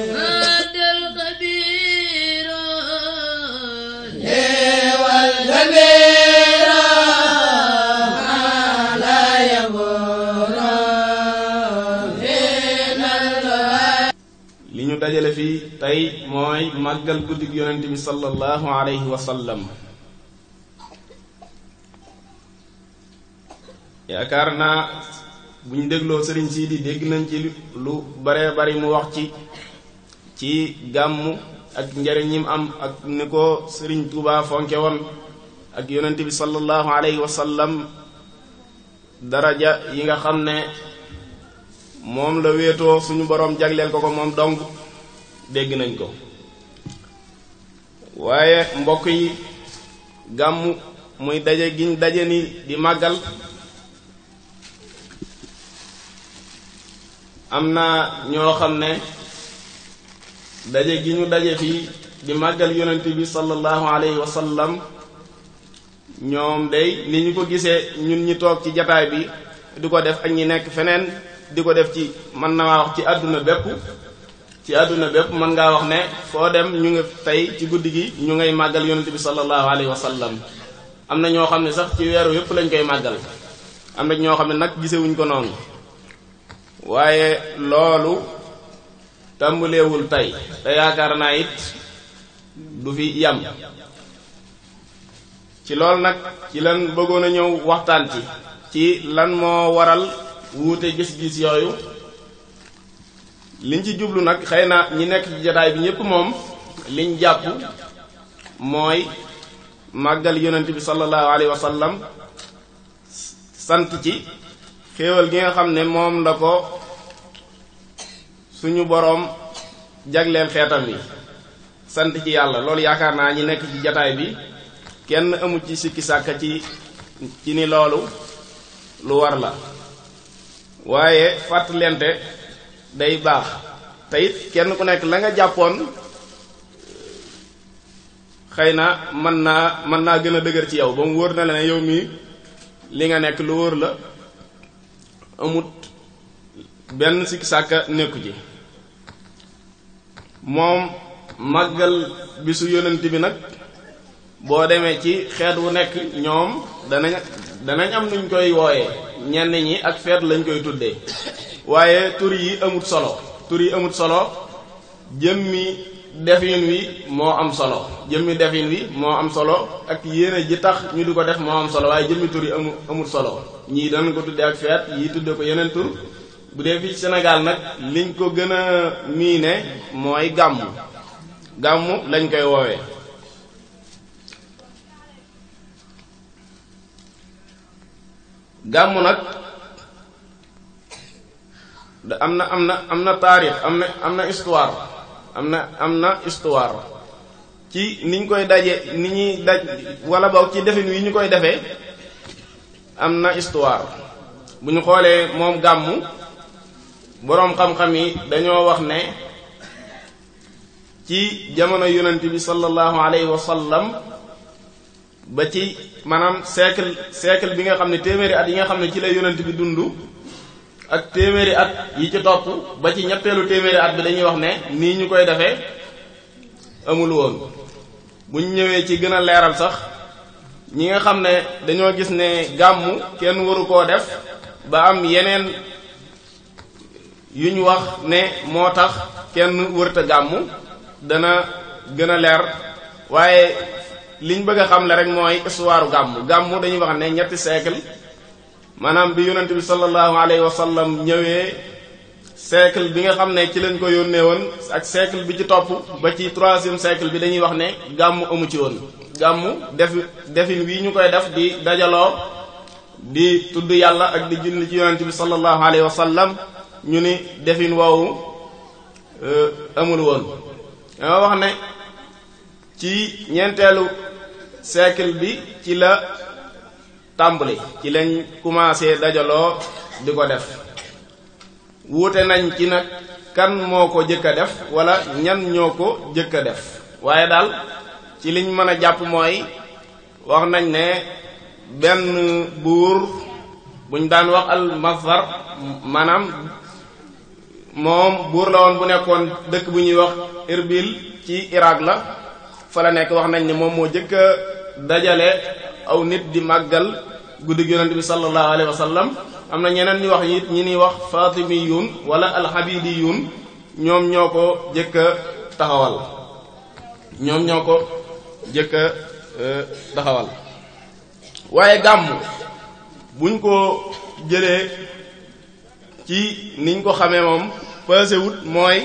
li ñu dajale fi tey mooy màggal guddig yonent bi sallallahu alayhi wa sallam yaakaar naa bu dégloo sëriñ sii di dégg bari mu wax ci ci gàmmu ak njariñ ñim am ak ni ko sëriñ Tuuba fonke woon ak yonent bi sallallahu alayhi wa sallam daraja yi nga xam ne moom la wéetoo suñu boroom jagleel ko ko moom dong dégg nañ ko waaye mbokk yi gàmmu muy daje giñ daje ni di màggal am na ñoo xam ne daje gi ñu daje fii di màggal yonent bi sallallahu alayhi wa sallam ñoom day ni ñu ko gisee ñun ñi toog ci jataay bi di ko def ak ñi nekk feneen di ko def ci mën na wax ci àdduna bépp ci àdduna bépp mën ngaa wax ne foo dem ñu ngi tey ci guddi gi ñu ngay màggal yonent bi sallallahu alayhi wa sallam am na ñoo xam ne sax ci weeru yépp lañ koy màggal am na ñoo xam ne nag gisewuñ ko noonu waaye loolu tàmbaleewul tey te yaakaar naa it du fi yam ci loolu nag ci lan bëggoon a ñëw waxtaan ci ci lan moo waral wuute gis-gis yooyu liñ ci jublu nag xëy na ñi nekk ci jataay bi ñépp moom liñ jàpp mooy màggal yonent bi sallallahu alayhi wa sallam sant ci xéewal gi nga xam ne moom la ko suñu boroom jagleel xeetam wi sant ci yàlla loolu yaakaar naa ñi nekk ci jataay bi kenn amu ci sikki sàkka ci ci ni loolu lu war la waaye fàttalente day baax te kenn ku nekk la nga jàppoon xëy na mën naa mën naa gën a dëgër ci yow ba mu wër na la ne yow mii li nga nekk lu wër la amut benn sikki sàkka nekku ci moom màggal bisu yonent bi nag boo demee ci xeet wu nekk ñoom danañ danañ am nuñ koy wooyee ñenn ñi ak feet lañ koy tuddee waaye turi yi amut solo turi yi amut solo jëmmi defin wi moo am solo jëmmi defin wi moo am solo ak yéene ji tax ñu di ko def moo am solo waaye jëmmi tur yi amut amut solo ñii danañ ko tuddee ak feet yii tuddee ko yeneen tur bu dee fii Sénégal nag liñ ko gën a miine mooy gàmmu gàmmu lañ koy woowee gàmmu nag am na am na am na taarix am na am na histoire am na am na histoire ci niñ koy daje ni ñuy daj wala boog ci defin wi ñu koy defee am na histoire bu ñu xoolee moom gàmmu boroom xam-xam yi dañoo wax ne ci jamono yonent bi sallallahu alayhi wa sallam ba ci maanaam siècle siècle bi nga xam ne téeméeri at yi nga xam ne ci la yonent bi dund ak téeméeri at yi ci topp ba ci ñetteelu téeméeri at bi dañuy wax ne nii ñu koy defee amul woon bu ñëwee ci gën a leeral sax ñi nga xam ne dañoo gis ne gàmmu kenn waru koo def ba am yeneen yu ñu wax ne moo tax kenn wërta gàmmu dana gën a leer waaye liñ bëgg a xam le rek mooy histoire gàmmu gàmmu dañuy wax ne ñetti siècle maanaam bi yonent bi sallallahu alayhi wa sallam ñëwee siècle bi nga xam ne ci lañ ko yónnee woon ak siècle bi ci topp ba ci troisième siècle bi dañuy wax ne gàmmu amu ci woon gàmmu def defin wii ñu koy def di dajaloo di tudd yàlla ak di julli ci yonent bi sallallahu alayhi wa sallam ñu ni defin woowu euh, amul woon dama wax ne ci ñeenteelu siècle bi ci la tàmbali ci lañ commencé dajaloo di ko def wuute nañ ci nag kan moo ko jëkk a def wala ñan ñoo ko jëkk a def waaye daal ci liñ mën a jàpp mooy wax nañ ne benn buur buñ daan wax al mazhar maanaam moom buur la woon bu nekkoon dëkk bu ñuy wax Irbil ci iraag la fa la nekk wax nañ ni moom moo jëkk a dajale aw nit di màggal guddi yonent bi sallallahu alayhi wa am na ñeneen ñu wax it ñi ñuy wax fatimiyun wala alhabidiyun ñoom ñoo ko jëkk taxawal ñoom ñoo ko jëkk a e, waaye gàmmu buñ ko jëlee ci niñ ko xamee moom passé wut mooy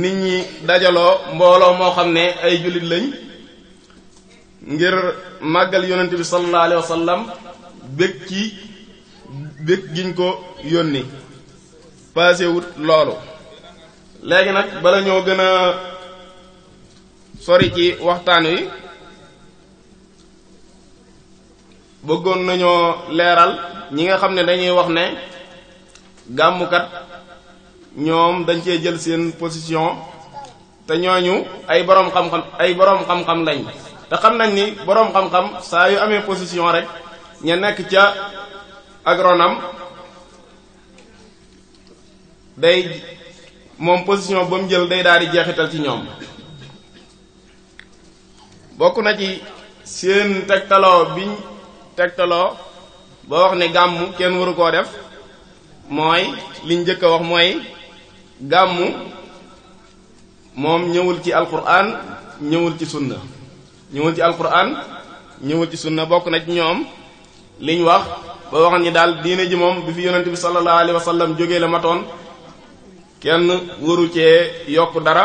nit ñi dajaloo mbooloo moo xam ne ay jullit lañ ngir màggal yonent bi sallallahu alayhi wa sallam bég ci bég giñ ko yónni passé wut loolu léegi nag bala ñoo gën a sori ci waxtaan wi bëggoon nañoo leeral ñi nga xam ne dañuy wax ne gàmmukat ñoom dañ cee jël seen position te ñooñu ay boroom xam-xam ay boroom xam-xam lañ te xam nañ ni boroom xam-xam saa yu amee position rek ña nekk ca agronome day moom position ba jël day daal di jeexital ci ñoom bokk na ci seen tegtaloo biñ tegtaloo ba wax ne gàmm kenn waru koo def mooy liñ njëkk a wax mooy gàmmu moom ñëwul ci alquran ñëwul ci sunna ñëwul ci alquran ñëwul ci sunna bokk na ci ñoom liñ wax ba wax ni daal diine ji moom bi fi yonent bi sallallahu alayhi wa sallam la matoon kenn waru cee yokk dara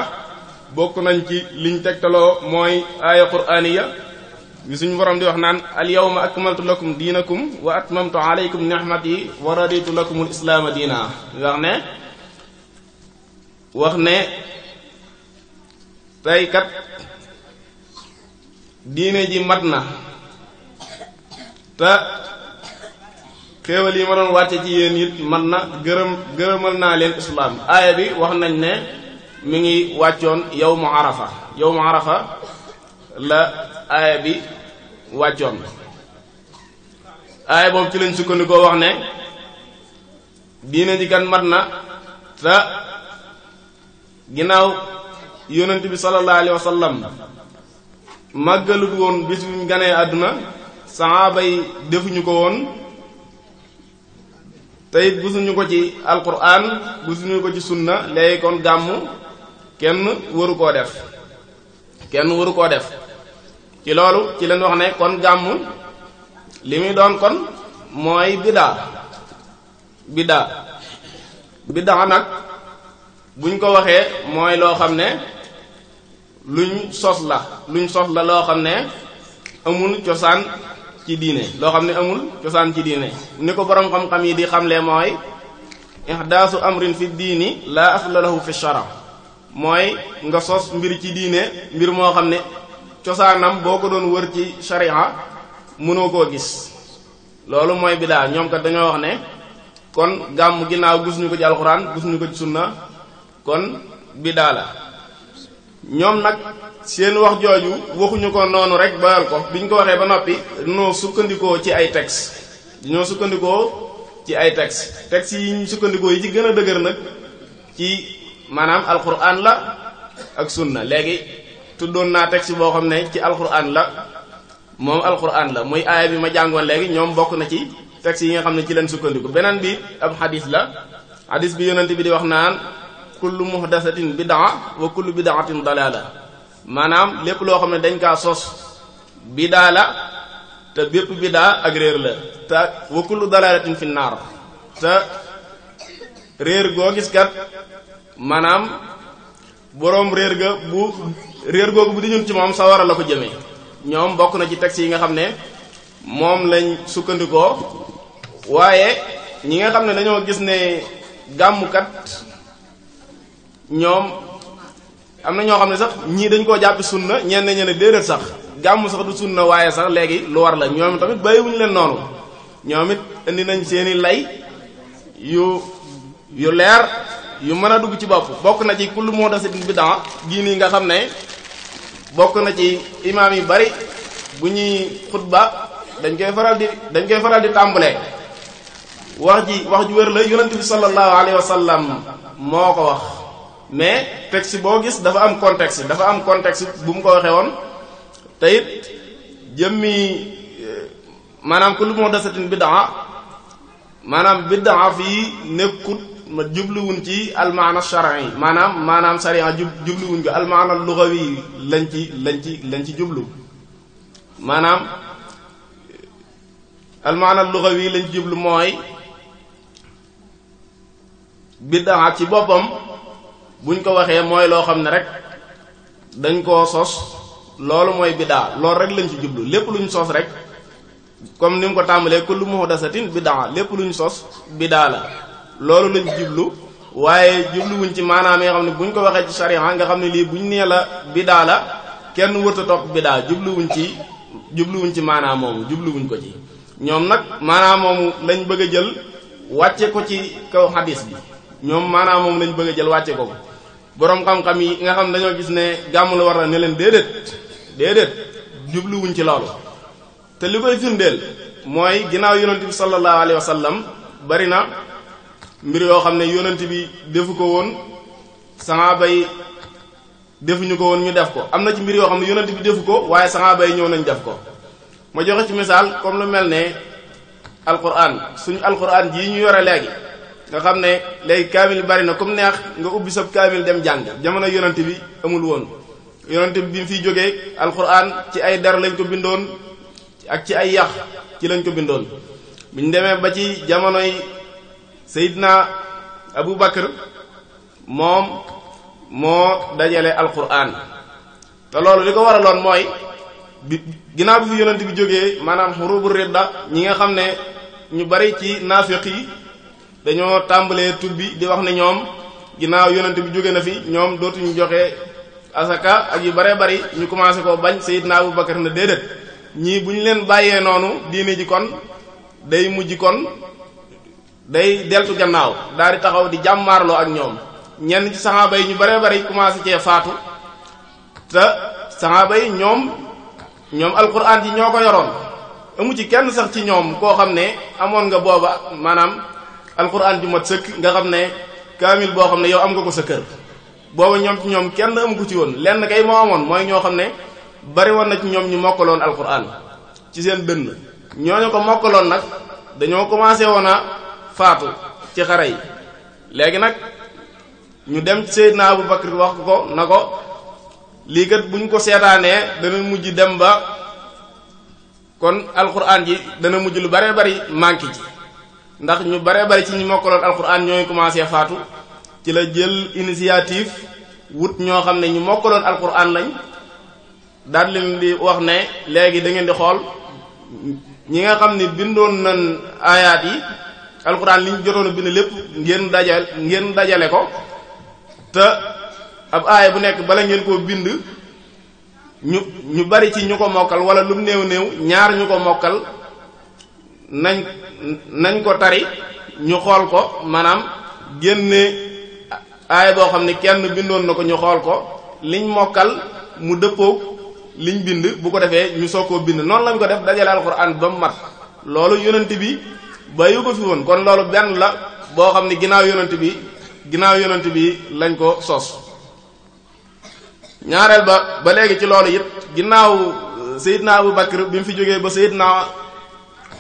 bokk nañ ci liñ tegtaloo mooy aaya quraaniya bi suñu borom di wax naan al yawma akmaltu lakum diinakum wa atmamtu alaykum nihmati wa raditu lakumul islaama diina wax ne wax ne tey kat diine ji mat na te xéewal yi ma doon wàcce ci yéen it mat na gërëm gërëmal naa leen islaam aaya bi wax nañ ne mu ngi wàccoon yawmu arafa yawmu arafa la aaya bi wàccoon aaya boobu ci lañ sukkandikoo wax ne diine ji kan mat na te ginnaaw yonent bi sallallahu alayhi wa màggalut woon bis bu ñu ganee àdduna saxaaba yi defuñu ko woon teyit gisuñu ko ci alquran gisuñu ko ci sunna léegi kon gàmmu kenn waru koo def kenn waru koo def ci loolu ci leen wax ne kon gàmmu li muy doon kon mooy biddaa biddaa biddaa nag buñ ko waxee mooy loo xam ne luñ sos la luñ sos la loo xam ne amul cosaan ci diine loo xam ne amul cosaan ci diine ni ko boroom xam-xam yi di lee mooy ihdaasu amrin fi diini la asla lahu fi shara mooy nga sos mbir ci diine mbir moo xam ne cosaanam boo ko doon wër ci sharia mënoo koo gis loolu mooy bidaa ñoom kat dañoo wax ne kon gàmm ginnaaw gisuñu ko ci alxuraan gisuñu ko ci sunna kon bidaa la ñoom nag seen wax jooju waxuñu ko noonu rek bayal ko bi ñu ko waxee ba noppi noo sukkandikoo ci ay texte ñoo sukkandikoo ci ay texte texte yi ñu sukkandikoo yi ci gën a dëgër nag ci maanaam alquran la ak sunna léegi tuddoon naa texte boo xam ne ci alquran la moom alquran la muy aaya yi ma jàngoon léegi ñoom bokk na ci texte yi nga xam ne ci leen sukkandiku beneen bi ab xadis la xadis bi yonent bi di wax naan kullu muhdasatin bidaa wa kullu bidaatin dalaala maanaam lépp loo xam ne dañ kaa sos bidaa la te bépp bidaa ak réer la te wa kullu dalaalatin fi naar te réer goo gis kat maanaam boroom réer ga bu réer googu bu di ñun ci moom sawara la ko jëme ñoom bokk na ci texte yi nga xam ne moom lañ sukkandikoo waaye ñi nga xam ne dañoo gis ne gàmmukat ñoom am na ñoo xam ne sax ñii dañ koo jàpp sunna ñenn ñe ne déedéet sax gàmm sax du sunna waaye sax léegi lu war la ñoom tamit bàyyiwuñu leen noonu ñoom it indi nañ seeni lay yu yu leer yu mën a dugg ci bopp bokk na ci kullu bi bid'a gii nii nga xam ne bokk na ci imaam yi bari bu ñuy xutba dañ koy faral di dañ koy faral di tàmbalee wax ji wax ju wér la yonent bi sallallahu alayhi wa moo ko wax mais texte boo gis dafa am contexte dafa am contexte bu mu ko waxee woon te it jëmmi euh, maanaam kullu muhdathatin bid'a maanaam bid'a fii nekkut ma jubluwuñ ci almaana shar'i maanaam maanaam sariya jub jubluwuñ ko almaana lugawi lañ ci lañ ci lañ ci jublu maanaam almaana lugawi lañ jublu mooy bid'a ci boppam. buñ ko waxee mooy loo xam ne rek dañ koo sos loolu mooy biddaa loolu rek lañ ci jublu lépp lu luñ sos rek comme ni mu ko tàmbalee kullu muhdasatin biddaa lépp lu ñu sos biddaa la loolu lañ jublu waaye jubluwuñ ci maanaam yoo xam ne buñ ko waxee ci sariya nga xam ne lii buñ nee la biddaa la kenn wërta topp biddaa jubluwuñ ci jubluwuñ ci maanaam moomu jubluwuñ ko ci ñoom nag maanaam moomu lañ bëgg a jël wàcce ko ci kaw xadis bi ñoom maanaam moomu lañ bëgg a jël wàcce ko boroom xam-xam yi nga xam dañoo gis ne gàmm war na ni leen déedéet déedéet jubluwuñ ci loolu te li koy firndeel mooy ginnaaw yonent bi sallallahu alayhi wa sallam bari na mbir yoo xam ne yonent bi defu ko woon saxaaba yi defuñu ko woon ñu def ko am na ci mbir yoo xam ne yonent bi defu ko waaye saxaaba yi ñëw nañ def ko ma joxe ci misaal comme lu mel ne alquran suñu alquran jii ñu yore léegi nga xam ne léegi kaamil bari na comme neex nga ubbi sab kaamil dem jàng jamono yonent bi amul woon yonent bi bi mu fiy jógee alxuraan ci ay der lañ ko bindoon ak ci ay yax ci lañ ko bindoon buñ demee ba ci jamonoy Seydina Abu Bakr moom moo dajale alxuraan te loolu li ko waraloon mooy bi ginnaaw bi fi yonent bi jógee maanaam xurubu ridda ñi nga xam ne ñu bari ci naafiq yi dañoo tàmbalee tur bi di wax ne ñoom ginnaaw yonent bi jóge na fi ñoom dootuñu joxe asaka ak yu bare bari ñu commencé koo bañ seyt Seydina Abu Bakar na déedéet ñii bu ñu leen bàyyee noonu diine ji kon day mujj kon day deltu gannaaw daal di taxaw di jàmmaarloo ak ñoom ñenn ci saxaaba yi ñu bare bari commencé cee faatu te saxaaba yi ñoom ñoom alquran ji ñoo ko yoroon amu ci kenn sax ci ñoom koo xam ne amoon nga booba maanaam alquran ju mat sëkk nga xam ne kaamil boo xam ne yow am nga ko sa kër booba ñoom ci ñoom kenn amu ci woon lenn kay moo amoon mooy ñoo xam ne bari woon na ci ñoom ñu mokkaloon alquran ci seen dënn ñooñu ko mokkaloon nag dañoo commencé woon a faatu ci xare yi léegi nag ñu dem ci Seydina Abu Bakr wax ko na ko lii kat bu ñu ko seetaanee dana mujj dem ba kon alquran ji dana mujj lu baree bari manqué ji ndax ñu bare bari ci ñi mokkaloon alxuraan ñooy commencé faatu ci la jël initiative wut ñoo xam ne ñu mokkaloon alxuraan lañ daal leen di wax ne léegi da ngeen di xool ñi nga xam ni bindoon nañ ayaat yi alxuraan li ñu jotoon a bind lépp ngeen dajal ngeen dajale ko te ab aaya bu nekk bala ngeen koo bind ñu ñu bari ci ñu ko mokkal wala lu néew néew ñaar ñu ko mokkal nañ nañ ko tari ñu xool ko maanaam génne aay boo xam ne kenn bindoon na ko ñu xool ko liñ mokkal mu dëppoog liñ bind bu ko defee ñu soog koo bind noonu lañ ko def dajale alxuraan ba mu mat loolu yonent bi bàyyi ko fi woon kon loolu benn la boo xam ne ginnaaw yonent bi ginnaaw yonent bi lañ ko sos ñaareel ba ba léegi ci loolu it ginnaaw Seydina Abu Bakr bi mu fi jógee ba naa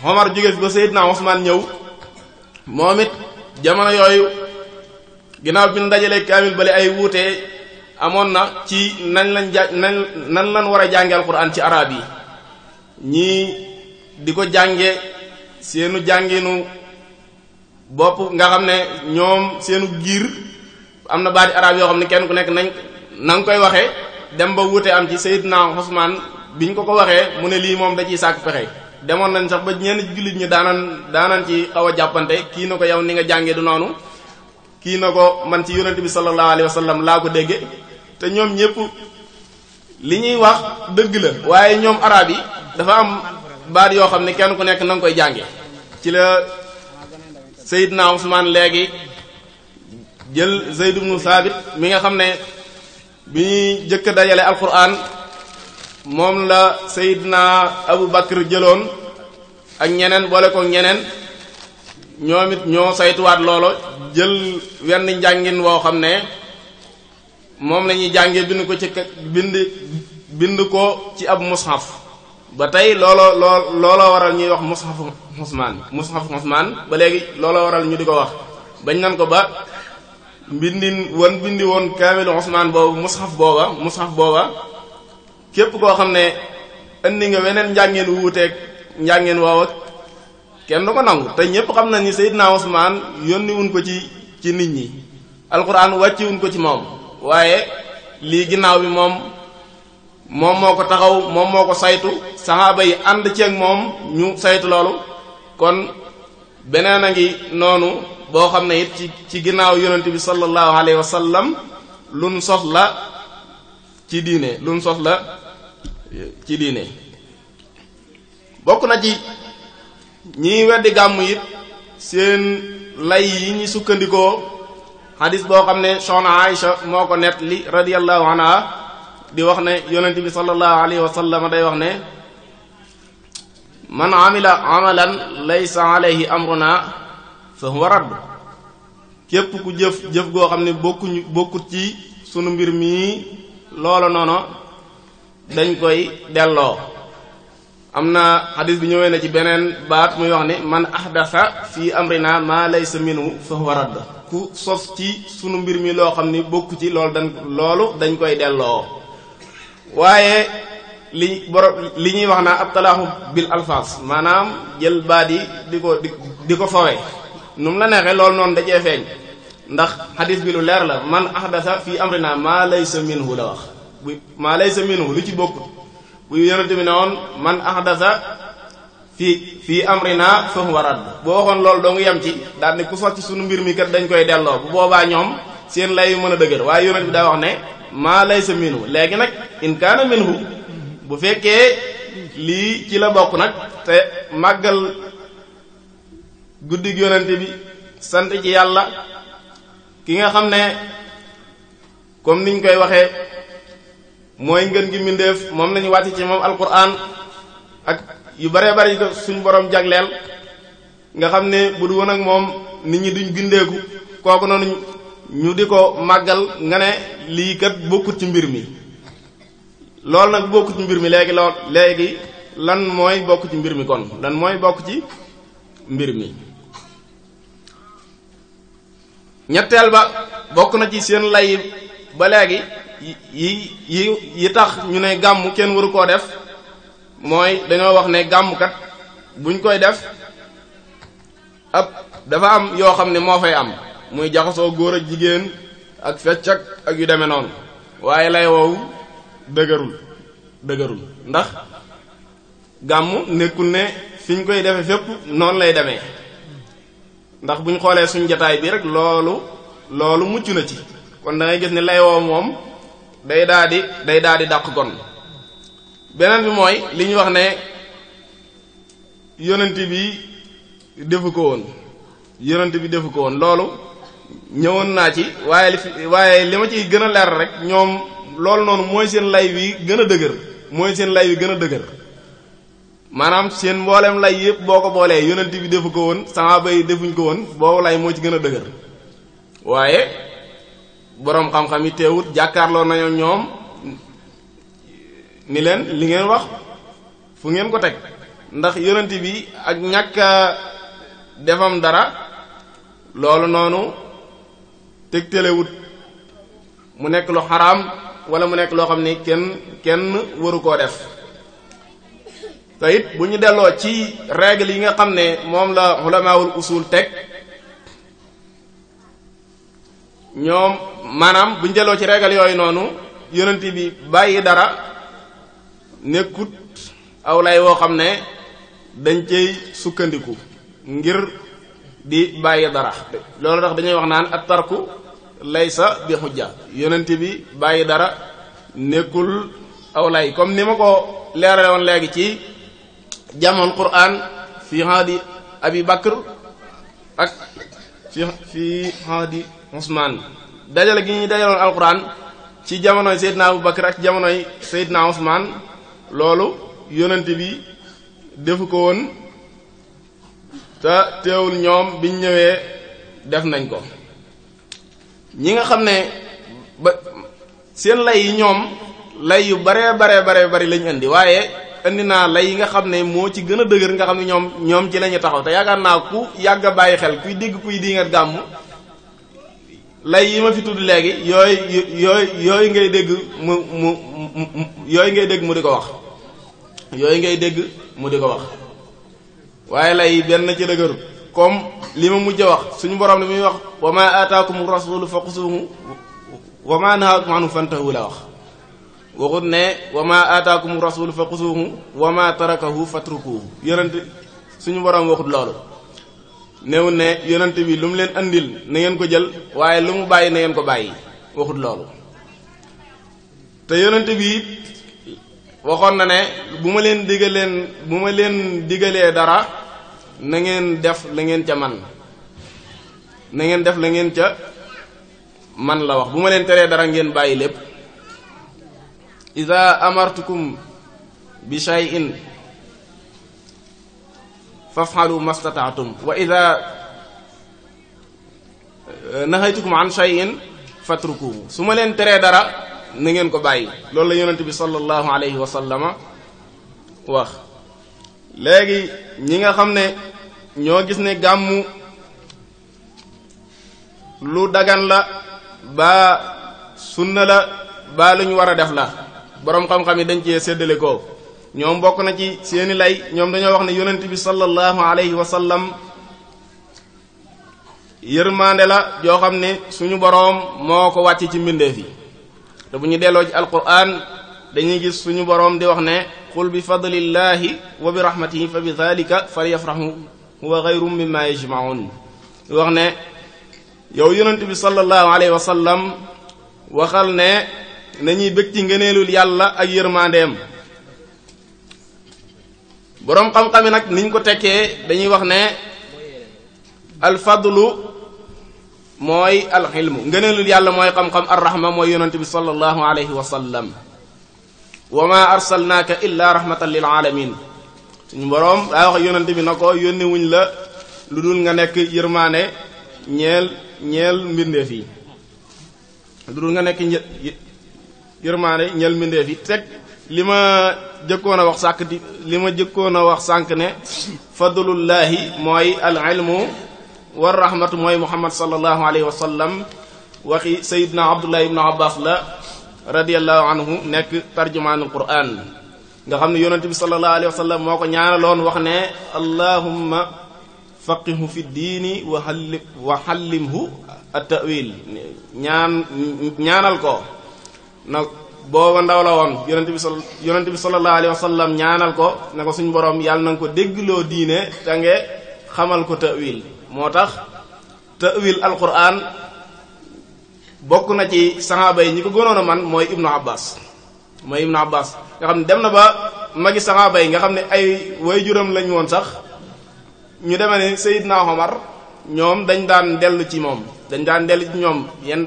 Omar jóge fi ba Seydina Usmaan ñëw moom it jamono yooyu ginnaaw bi ñu dajalee kaamil bale ay wuute amoon na ci nan lañ ja nan nan lañ war a jànge alxuraan ci arab yi ñii di ko jànge seenu jànginu bopp nga xam ne ñoom seenu giir am na baati arab yoo xam ne kenn ku nekk nañ na koy waxee dem ba wuute am ci Seydina Usmaan biñ ko ko waxee mu ne lii moom da ciy sàkk pexe demoon nañ sax ba ñenn jullit ñi daanan daanan ci xaw jàppante kii na ko yow ni nga jàngee du noonu kii na ko man ci yonent bi sallallahu alayhi wa laa ko dégge te ñoom ñëpp li ñuy wax dëgg la waaye ñoom arab yi dafa am baat yoo xam ne kenn ku nekk na koy jànge ci la Seydina Ousmane léegi jël Zayd ibn mi nga xam ne bi ñuy jëkk dajale alquran moom la naa Abu Bakr jëloon ak ñeneen boole ko ñeneen ñoom it ñoo saytuwaat loolo jël wenn njàngin woo xam ne moom la ñuy jàngee bind ko ci bind bind ko ci ab mushaf ba tey looloo looloo waral ñuy wax mushafu Usmaan mushafu Usmaan ba léegi looloo waral ñu di ko wax bañ nan ko ba mbindin wan bindi woon kaamilu Usmaan boobu mushaf booba mushaf booba képp koo xam ne indi nga weneen njàngeen wu wuuteeg njàngeen woow ak kenn du ko nangu te ñépp xam na ni Seydina Usmaan yónni ko ci ci nit ñi alxuraan wàcci wuñ ko ci moom waaye lii ginnaaw bi moom moom moo ko taxaw moom moo ko saytu saxaaba yi ànd ceeg moom ñu saytu loolu kon beneen a ngi noonu boo xam ne it ci ci ginnaaw yonent bi sallallahu alayhi wa sallam luñ la ci diine luñ la ci diine bokk na ci ñiy weddi gàmm it seen lay yi ñu sukkandikoo xadis boo xam ne soxna Aïcha moo ko nett li radiyallahu anha di wax ne yonent bi sallallahu day wax ne man amila amalan laysa alayhi amruna fa huwa radd képp ku jëf jëf goo xam ne bokkuñu bokkut ci sunu mbir mii loola noonu dañ koy delloo am na xadis bi ñëwee na ci beneen baat muy wax ni man ahdasa fi amrina ma laysa minhu fa huwa radd ku sos ci sunu mbir mi loo xam ni bokk ci loolu dañ loolu dañ koy delloo waaye li borom li ñuy wax naa ab talaaxu bil alfaas maanaam jël baat yi di ko di di ko fawee nu mu la neexee loolu noonu da cee feeñ ndax xadis bi lu leer la man ahdasa fi amrina ma laysa wu la wax bu maa laysa minhu lu ci bokkut bu yonente bi ne woon man ahdasa fii fii amrina fa huwa radd boo waxoon lool doo yem ci daal ne ku sotti sunu mbir mi kat dañ koy delloo bu boobaa ñoom seen lay yu mën a dëgër waaye yonente bi daa wax ne maa laysa minhu léegi nag in kaana bu fekkee lii ci la bokk nag te màggal guddig yonente bi sant ci yàlla ki nga xam ne comme niñ koy waxee mooy ngën gi mbindeef moom lañu wàcc ci moom alquran ak yu baree bari ko suñ jagleel nga xam ne bu du woon ak moom nit ñi duñ gindeeku kooku noonu ñu di ko màggal nga ne lii kat bokkut ci mbir mi loolu nag bokkut ci mbir mi léegi lool léegi lan mooy bokk ci mbir mi kon lan mooy bokk ci mbir mi ñetteel ba bokk na ci seen lay ba léegi yi yi yi tax ñu ne gàmm kenn waru koo def mooy dañoo wax ne gàmmkat buñ koy def ab dafa am yoo xam ne moo fay am muy jaxasoo góor ak jigéen ak feccak ak yu demee noonu waaye lay wow dëgërul dëgërul ndax gàmm nekkul ne fi ñu koy defe fépp noonu lay demee ndax bu ñu xoolee suñ jataay bi rek loolu loolu mucc na ci kon da ngay gis ne lay wow moom day daa di day daa di dàq gon beneen bi mooy li ñu wax ne yonent bi defu ko woon yonent bi defu ko woon loolu ñëwoon naa ci waaye li fi waaye li ma ciy gën a leer rek ñoom loolu noonu mooy seen lay wi gën a dëgër mooy seen lay wi gën a dëgër maanaam seen mboolem lay yëpp boo ko boolee yonent bi defu ko woon saxaaba yi defuñ ko woon boobu lay moo ci gën a dëgër waaye boroom xam-xam yi teewut jàkkaarloo nañu ñoom ni leen li ngeen wax fu ngeen ko teg ndax yonent bi ak ñàkk defam dara loolu noonu tegtalewut mu nekk lu xaraam wala mu nekk loo xam ni kenn kenn waru koo def te it bu ñu delloo ci règle yi nga xam ne moom la ulamaawul usul teg ñoom maanaam buñ jëloo ci régal yooyu noonu yonent bi bàyyi dara nekkut aw lay woo xam ne dañ cey sukkandiku ngir di bàyyi dara loolu tax dañuy wax naan ak tarku lay laysa bi xujja yonent bi bàyyi dara nekkul aw lay comme ni ma ko leerale woon léegi ci jamul quran fi hadi abi bakr ak fi fi hadi Usmaan dajale gi ñuy dajaloon alquran ci jamonoy Seydina Abu Bakar ak jamonoy Seydina Usmaan loolu yonent bi defu ko woon te teewul ñoom biñ ñëwee def nañ ko ñi nga xam ne ba seen lay yi ñoom lay yu baree bare baree bari lañ indi waaye indi naa lay yi nga xam ne moo ci gën a dëgër nga xam ne ñoom ñoom ci lañu taxaw te yaakaar naa ku yàgga bàyyi xel kuy dégg kuy diingat gàmm lay yi ma fi tudd léegi yooyu yooyu yooyu ngay dégg mu mu yooyu ngay dégg mu di ko wax yooyu ngay dégg mu di ko wax waaye lay benn ci dëgëru comme li ma mujj a wax suñu borom li muy wax wa ma ataakum rasulu faqusuhu wa wax waxut ne wa ma ataakum rasulu faqusuhu wa ma tarakahu suñu borom waxut loolu néew ne yonent bi lu mu leen andil nangeen ko jël waaye lu mu bàyyi na ngeen ko bàyyi waxut loolu te yonent bi waxoon na ne bu ma leen digaleen bu ma leen digalee dara na ngeen def la ngeen ca man na ngeen def la ngeen ca man la wax bu ma leen teree dara ngeen bàyyi lépp ida amartukum bi shay'in fafxalu mastataatum wa ida nahaytukum an shay'in fatrukuhu su ma leen teree dara na ngeen ko bàyyi loolu la yonent bi sallallahu alayhi wa sallama wax léegi ñi nga xam ne ñoo gis ne gàmmu lu dagan la baa sunna la baa lu ñu war a def la boroom xam-xam yi dañ cee séddale ko ñoom bokk na ci seeni lay ñoom dañoo wax ne yonent bi sallallahu alayhi wa sallam la joo xam ne suñu boroom moo ko wàcce ci mbindeef yi te bu ñu delloo ci alquran dañuy gis suñu boroom di wax ne qul bi fadlillahi wa bi rahmatihi fa bi dhalika falyafrahu huwa xayrum mimma yajmaun wax ne yow yonent bi sallallahu alayhi wa waxal ne nañuy bëgg ci ngëneelul yàlla ak yërmandeem boroom xam-xam yi nag niñ ko tekkee dañuy wax ne alfadlu mooy alxilmu ngëneelul yàlla mooy xam-xam arrahma mooy yonent bi sallallahu alayhi wa sallam wa ma arsalnaaka illa rahmatan lil boroom daa wax yonent bi na ko yónni la lu dul nga nekk yërmaane ñeel ñeel mbindeef yi lu dul nga nekk yërmaane ñeel mbindeef yi teg li ma jëkkoon wax sànq di li ma jëkkoon a wax sànq ne fadlullaahi mooy al ilmu war rahmatu mooy muhammad sallallahu alayhi wa sallam waxi sayidna abdullah ibnu abbas la radiallahu anhu nekk tarjumaanul quran nga xam ne yonente bi sallallahu alayhi wa moo ko ñaanaloon wax ne allahumma faqihu fi diini wa hallim wa hallimhu at tawil ñaan ñaanal ko na booba ndaw la woon yonente bi sal yonente bi sallallahu alayhi wa sallam ñaanal ko ne ko suñu boroom yàlla na nga ko déggloo diine te xamal ko tawil moo tax tawil alquran bokk na ci saxaaba yi ñi ko gënoon a man mooy ibnu abbas mooy ibnu abbas nga xam ne dem na ba magi saxaaba yi nga xam ne ay way juram lañu woon sax ñu demee ne Seydina Omar ñoom dañ daan dell ci moom dañ daan dellu ci ñoom yenn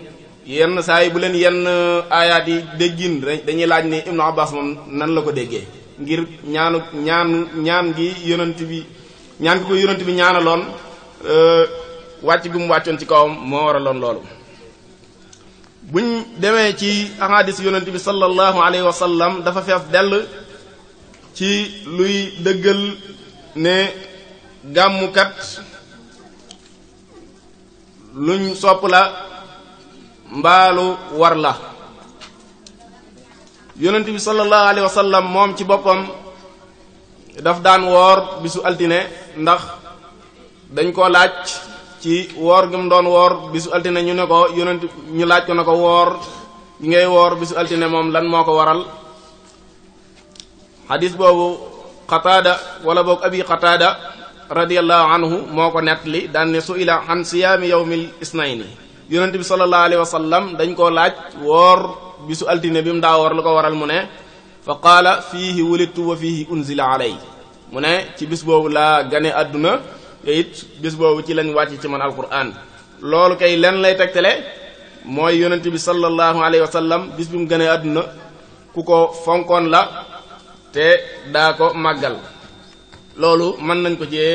yenn saa yi bu leen yenn aayaat yi déggin dañuy laaj ne Ibnu Abbas moom nan la ko déggee ngir ñaanu ñaan ñaan gi yonent bi ñaan gi ko yonent bi ñaanaloon e, wàcc gu mu wàccoon ci kawam moo waraloon loolu buñ demee ci ahadis yonent bi sallallahu alayhi wa sallam dafa fees dell ci luy dëggal ne gàmmukat luñ sopp la mbaalu war la yonent bi sallallahu alayhi wa moom ci boppam daf daan woor bisu altine ndax dañ ko laaj ci woor gi mu doon woor bisu altine ñu ne ko ñu laaj ko ne ko woor gi ngay woor bisu altine moom lan moo ko waral xadis boobu xataada wala boog abi xataada radiyallahu anhu moo ko nettali daan ne su ila yow siyaami yawmil isnayni yonent bi sallallahu alayhi wa sallam dañ koo laaj woor bisu altine bi mu daa woor lu ko waral mu ne fa qaala fiihi wulidtu wa fiihi unzila alay mu ne ci bis boobu laa gane àdduna te bis boobu ci lañ wàcc ci man alquran loolu kay len lay tegtale mooy yonent bi sallallahu alayhi wa sallam bis bi mu gane àdduna ku ko fonkoon la te daa ko màggal loolu mën nañ ko cee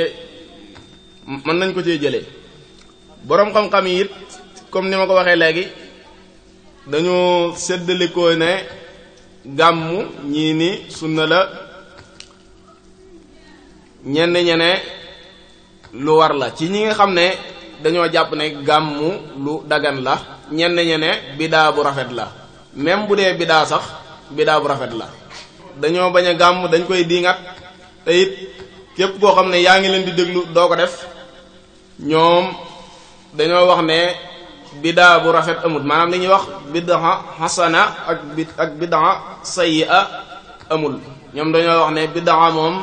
mën nañ ko cee jëlee boroom xam-xam yi it comme ni ma ko waxee léegi dañoo séddalikoo ne gàmmu ñii ni sunna la ñenn ñe lu war la ci ñi nga xam ne dañoo jàpp ne gàmmu lu dagan la ñenn ñe biddaa bu rafet la même bu dee biddaa sax biddaa bu rafet la dañoo bañ gàmm dañ koy diingat te it képp koo xam ne yaa ngi leen di déglu doo ko def ñoom dañoo wax ne bidaa bu rafet amut maanaam li ñuy wax bidaa xasana ak bi ak bidaa sayia amul ñoom dañoo wax ne bidaa moom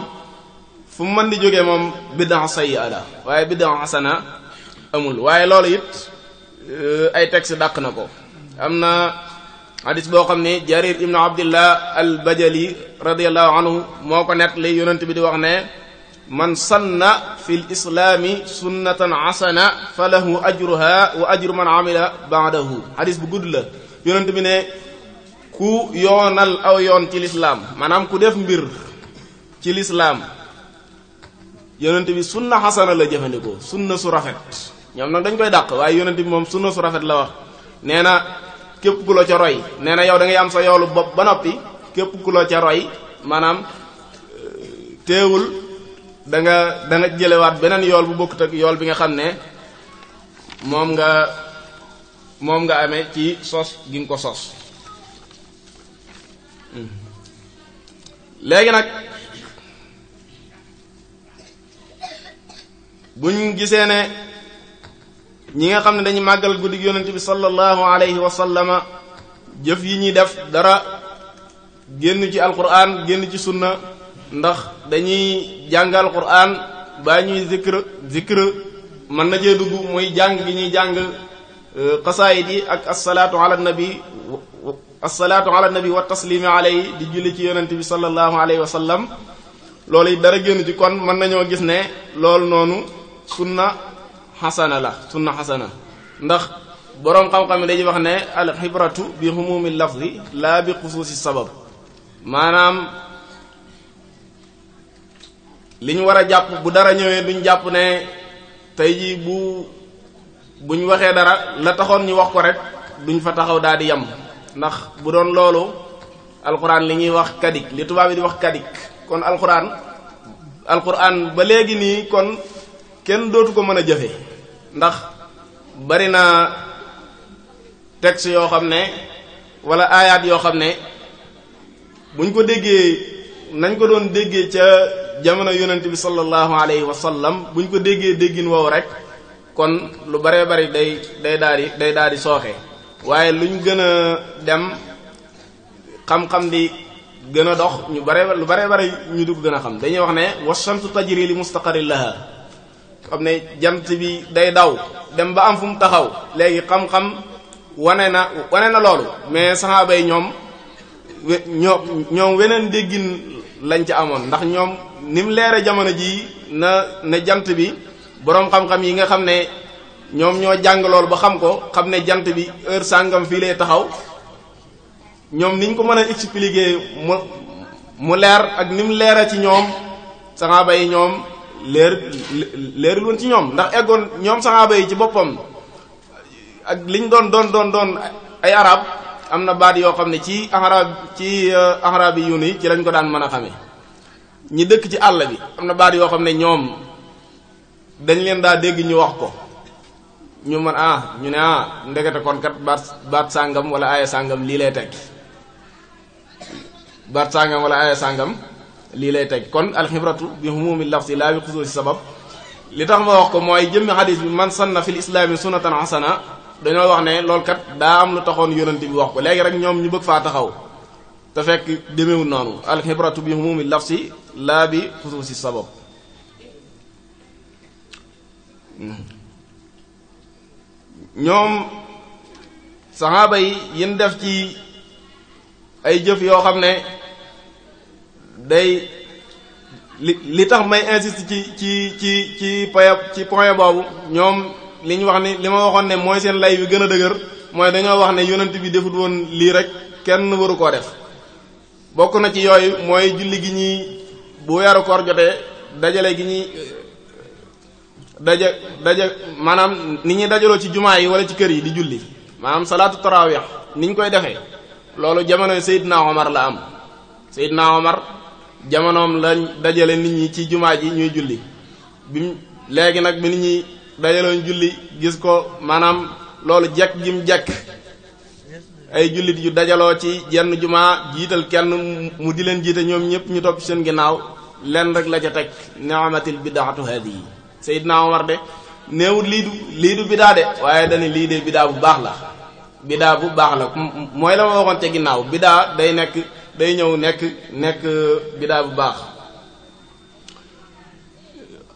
fu mu mën di jógee moom bidaa sayia la waaye bidaa xasana amul waaye loolu it eh, ay texte dàq na ko am na hadis boo xam ne jarir ibnu abdillah al bajali radiallahu anhu moo ko nett li yonent bi di wax ne man sanna fi lislaami sunnatan asana fa lahu ajruha wa ajru man amila baadahu xadis bu gudd la yonent bi ne ku yoonal aw yoon ci lislaam maanaam ku def mbir ci lislaam yonent bi sunna xasana la jëfandikoo sunna su rafet ñoom nag dañ koy dàq waaye yonent bi moom sunna su rafet la wax nee na képp kulo la ca roy nee na yow dangay am sa yoolu bopp ba noppi képp ku la ca roy maanaam euh, teewul danga danga da beneen yool bu bokkut ak yool bi nga xam ne moom nga moom nga ame ci sos gi nga ko sos hmm. léegi nag buñ gisee ne ñi nga xam ne dañuy màggal guddig yonent bi sallallahu alayhi wa sallama jëf yi ñuy def dara génn ci alquran génn ci sunna ndax dañuy jàngal Qur'an baa ñuy zikr zikr mën na cee dugg muy jàng gi ñuy jàng euh, xasaayit yi ak asalaatu ala nabi asalaatu ala nabi wa taslimi alayhi di julli ci yonent bi sallallahu alayhi wa sallam loolu it dara génn ci kon mën nañoo gis ne loolu noonu sunna xasana la sunna xasana ndax boroom xam-xam yi dañuy wax ne al xibratu bi humumi lafzi laa bi xusuusi sabab maanaam li ñu war a jàpp bu dara ñëwee duñ jàpp ne tey jii bu buñ waxee dara la taxoon ñu wax ko rek duñ fa taxaw daal di yem ndax bu doon loolu alquran li ñuy wax kadik li tubaab yi di wax kadik kon alquran alquran ba léegi nii kon kenn dootu ko mën a jëfe ndax bari na texte yoo xam ne wala aayaat yoo xam ne buñ ko déggee nañ ko doon déggee ca jamono yonent bi sallallahu alayhi wa bu ñu ko déggee déggin wow rek kon lu baree bari day day daal di day daal di sooxe waaye luñ gën a dem xam-xam di gën a dox ñu bare lu baree bari ñu dugg gën a xam dañuy wax ne wasamtu tajri li mustaqarrin laha xam ne jant bi day daw dem ba am fu mu taxaw léegi xam-xam wane na wane na loolu mais saxaaba ñoom ñoom ñoom weneen déggin lañ ca amoon ndax ñoom ni mu leere jamono jii na na jant bi boroom xam-xam yi nga xam ne ñoom ñoo jàng lool ba xam ko xam ne jant bi heure sàngam fii lay taxaw ñoom niñ ko mën a expliquer mu mu leer ak ni mu leera ci ñoom saxaaba yi ñoom leer leerul woon ci ñoom ndax eggoon ñoom saxaaba yi ci boppam ak liñ doon doon doon doon ay arab am na baat yoo xam ne ci arab ci euh, arab yi yu ni ci lañ ko daan mën a xamee ñi dëkk ci àll bi am na baat yoo xam ne ñoom dañ leen daa dégg ñu wax ko ñu man ah ñu ne ah ndekete kon kat baat baat sàngam wala aaya sàngam lii lay tekki baat sàngam wala aaya sàngam lii lay tekki kon alxibratu bi humumi lafsi laa bi xusuusi sabab li tax ma wax ko mooy jëmmi xadis bi man sanna fil islaami sunnatan hasana dañoo wax ne loolu kat daa am lu taxoon yonente bi wax ko léegi rek ñoom ñu bëgg faa taxaw te fekk demeewul noonu alxibratu bi humumi lafsi laa bi xusuusi sabab ñoom saxaaba yi yin def ci ay jëf yoo xam ne day li li tax may insist ci ci ci ci ci point boobu ñoom li ñu wax ni li ma waxoon ne mooy seen lay bi gën a dëgër mooy dañoo wax ne yonent bi defut woon lii rek kenn waru koo def bokk na ci yooyu mooy julli gi ñuy bu weeru koor jotee dajale gi ñuy daja daja maanaam nit ñi dajaloo ci jumaa yi wala ci kër yi di julli maanaam salaatu tarawih ni ñu koy defee loolu jamonoy Seydina Omar la am Seydina Omar jamonoom lañ dajale nit ñi ci jumaa ji ñuy julli bi léegi nag bi nit ñi dajaloo julli gis ko maanaam loolu jekk gim jekk ay jullit yu dajaloo ci jenn jumaa jiital kenn mu di leen jiite ñoom ñëpp ñu topp seen ginnaaw lenn rek la ca teg ni'matil bid'atu hadihi Seydina Omar de néewut lii du lii du bidaa de waaye dañu lii de bidaa bu baax la bidaa bu baax la mooy la ma waxoon ca ginnaaw bidaa day nekk day ñëw nekk nekk bidaa bu baax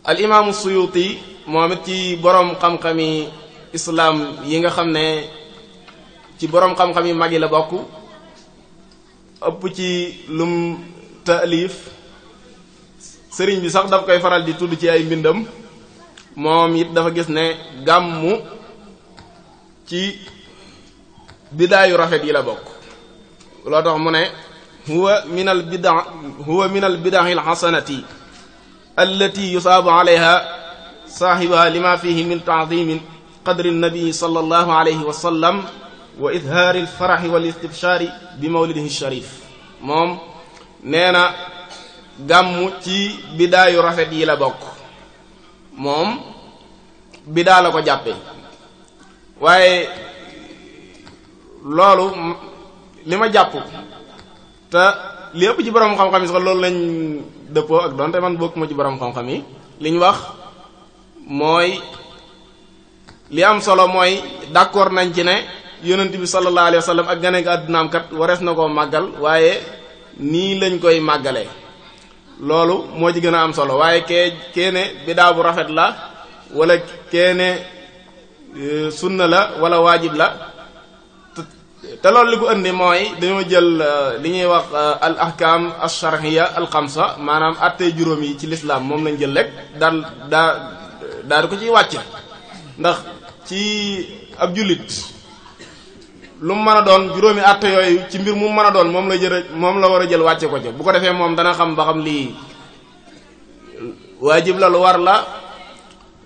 al Suyuti moom it ci boroom xam-xami islaam yi nga xam ne ci boroom xam-xam yi mag yi la bokk ëpp ci lum taalif sëriñ bi sax daf koy faral di tudd ci ay mbindam moom it dafa gis ne gàmmu ci bidaayu rafet yi la bokk loo tax mu ne huwa min al bida huwa min al bidahi al xasanati allati yusaabu alayha saaxibuha lima fihi min taadimin qadri nabii sallallahu alayhi wa sallam wa idhaari alfaraxi wal istibshaari bi mawlidihi sharif moom nee na gàmmu ci bidaa yu rafet yi la bokk moom bidaa la ko jàppe waaye loolu li ma jàpp te li ëpp ci borom xam-xam yi sax loolu lañ dëppoo ak donte man bokkuma ci borom xam-xam yi li ñu wax mooy li am solo mooy d'accord nañ ci ne yonent bi sallallahu alayhi wa ak gane ak àddunaam kat warees na koo màggal waaye nii lañ koy màggalee loolu moo ci gën a am solo waaye kee keene bidaa bu rafet la walla keene e, sunna la wala waajib la te loolu li ko indi mooy dañoo jël e, li ñuy wax e, al ahkam ash-shar'iyya al xamsa maanaam attey juróom yi ci lislaam moom lañ jël lekk daal daa daal di ko ciy wàcce ndax ci ab jullit lu mu mën a doon juróomi àtte yooyu ci mbir mu man a doon moom la jël moom la war a jël wàcce ko ca bu ko defee moom dana xam ba xam lii waajib la lu war la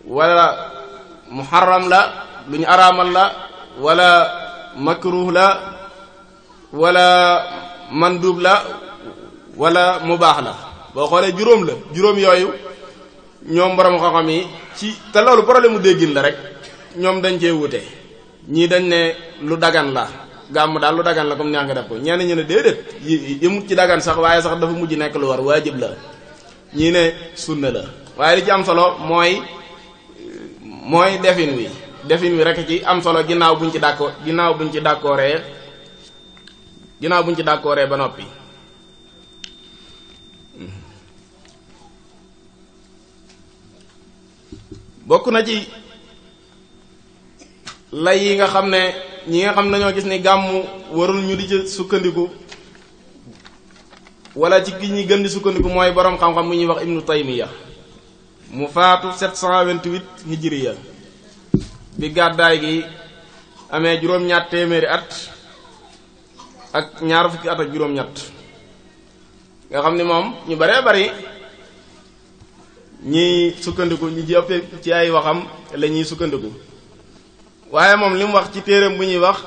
wala muharram la lu ñu araamal la wala makruh la wala mandub la walla mu baax la boo xoolee juróom la juróom yooyu ñoom borom xam-xam yi ci te loolu problème mu déggin la rek ñoom dañ cee wute ñii dañ ne lu dagan la gàmmu daal lu dagan la comme ñaa nga def ko ñenn ñu ne déedéet yëmut ci dagan sax waaye sax dafa mujj nekk lu war waajib la ñii ne sunna la waaye li ci am solo mooy mooy defin wi defin wi rek ci am solo ginnaaw buñ ci d'accord ginnaaw buñ ci d'accordee ginnaaw buñ ci d'accordee ba noppi bokk na ci lay yi nga xam ne ñi nga xam ne dañoo gis ni gàmmu warul ñu di ci sukkandiku wala ci gi ñi gën di sukkandiku mooy boroom xam-xam bu ñuy wax ibnu taymiya mu faatu 728 hijriya bi gàddaay gi amee juróom-ñaat téeméeri at ak ñaar fukki at ak juróom-ñatt nga xam ni moom ñu baree bari ñiy sukkandiku ñu ci ëpp ci ay waxam lañuy sukkandiku waaye moom li mu wax ci téeram bu ñuy wax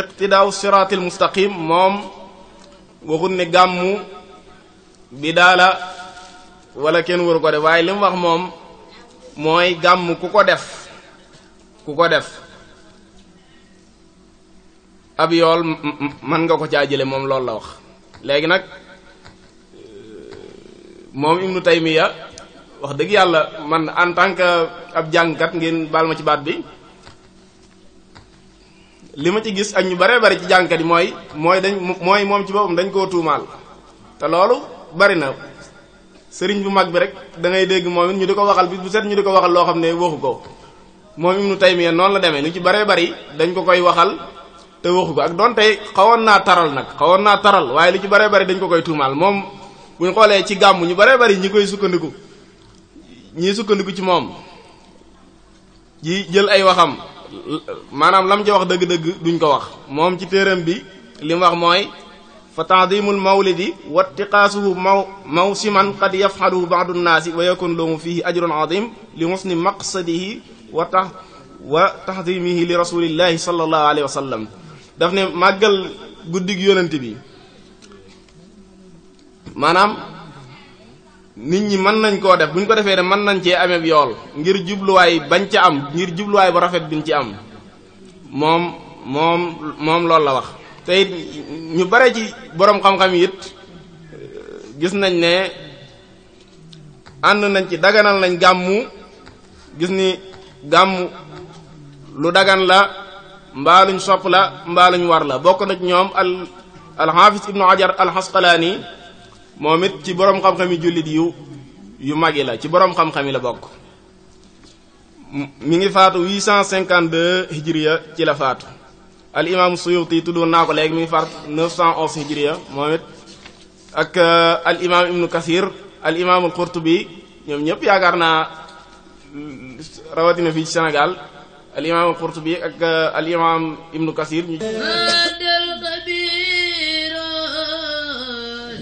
iqtidaaw siraatil mustaqim moom waxut ne gàmmu bi daala wala kenn waru ko def waaye li mu wax moom mooy gàmm ku ko def ku ko def ab yool mën nga ko caa jële moom loolu la wax léegi nag euh, moom ibnu taymiya wax dëgg yàlla man en tant que ab jàngkat ngeen baal ma ci baat bi li ma ci gis ak ñu baree bari ci jàngkat yi mooy mooy dañ mooy moom ci boppam dañ koo tuumaal te loolu bari na sëriñ bu mag bi rek dangay dégg moom it ñu di ko waxal bis bu set ñu di ko waxal loo xam ne waxu ko moom Ibnu Taymiya noonu la demee lu ci baree bari dañ ko koy waxal te waxu ko ak donte xawoon naa taral nag xawoon naa taral waaye lu ci baree bari dañ ko koy tuumaal moom bu ñu xoolee ci gàmm ñu baree bari ñi koy sukkandiku ñii sukkandiku ci moom ji jël ay waxam. maanaam lam ca wax dëgg-dëgg duñ ko wax moom ci téeram bi li mu wax mooy fa taadimul mawlidi wa tiqaasuhu maw mawsiman qad yafxaluhu baadu nnaasi wa yakun lahu fihi ajrun adim li husni maqsadihi wa tax wa taxdimihi li rasulillahi sallallahu alayhi wa sallam daf ne màggal guddig yonent bi maanaam nit ñi mën nañ koo def bu ñu ko defee ne mën nañ cee ameb yool ngir jubluwaay bañ ci am ngir jubluwaay bu rafet biñ ci am moom moom moom loolu la wax tey ñu bare ci boroom xam-xam yi euh, gis nañ ne ànd nañ ci daganal nañ gàmmu gis ni gàmmu lu dagan la mbaaluñ sopp la mbaaluñ war la bokk na ñoom al al xaafis ibnu ajar al moom it ci boroom xam-xami jullit yu yu mag yi la ci boroom xam-xam yi la bokk mi ngi faatu 852 hijriya ci la faatu al imam suyuti tuddoon naa ko léegi mi ngi faatu 911 hijriya moom it ak euh, al imam ibnu kasir al imam al qurtubi ñoom ñëpp yaakaar naa mm, rawatina fii ci Sénégal al imam al qurtubi ak euh, al imam ibnu kasir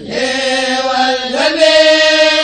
léewal nga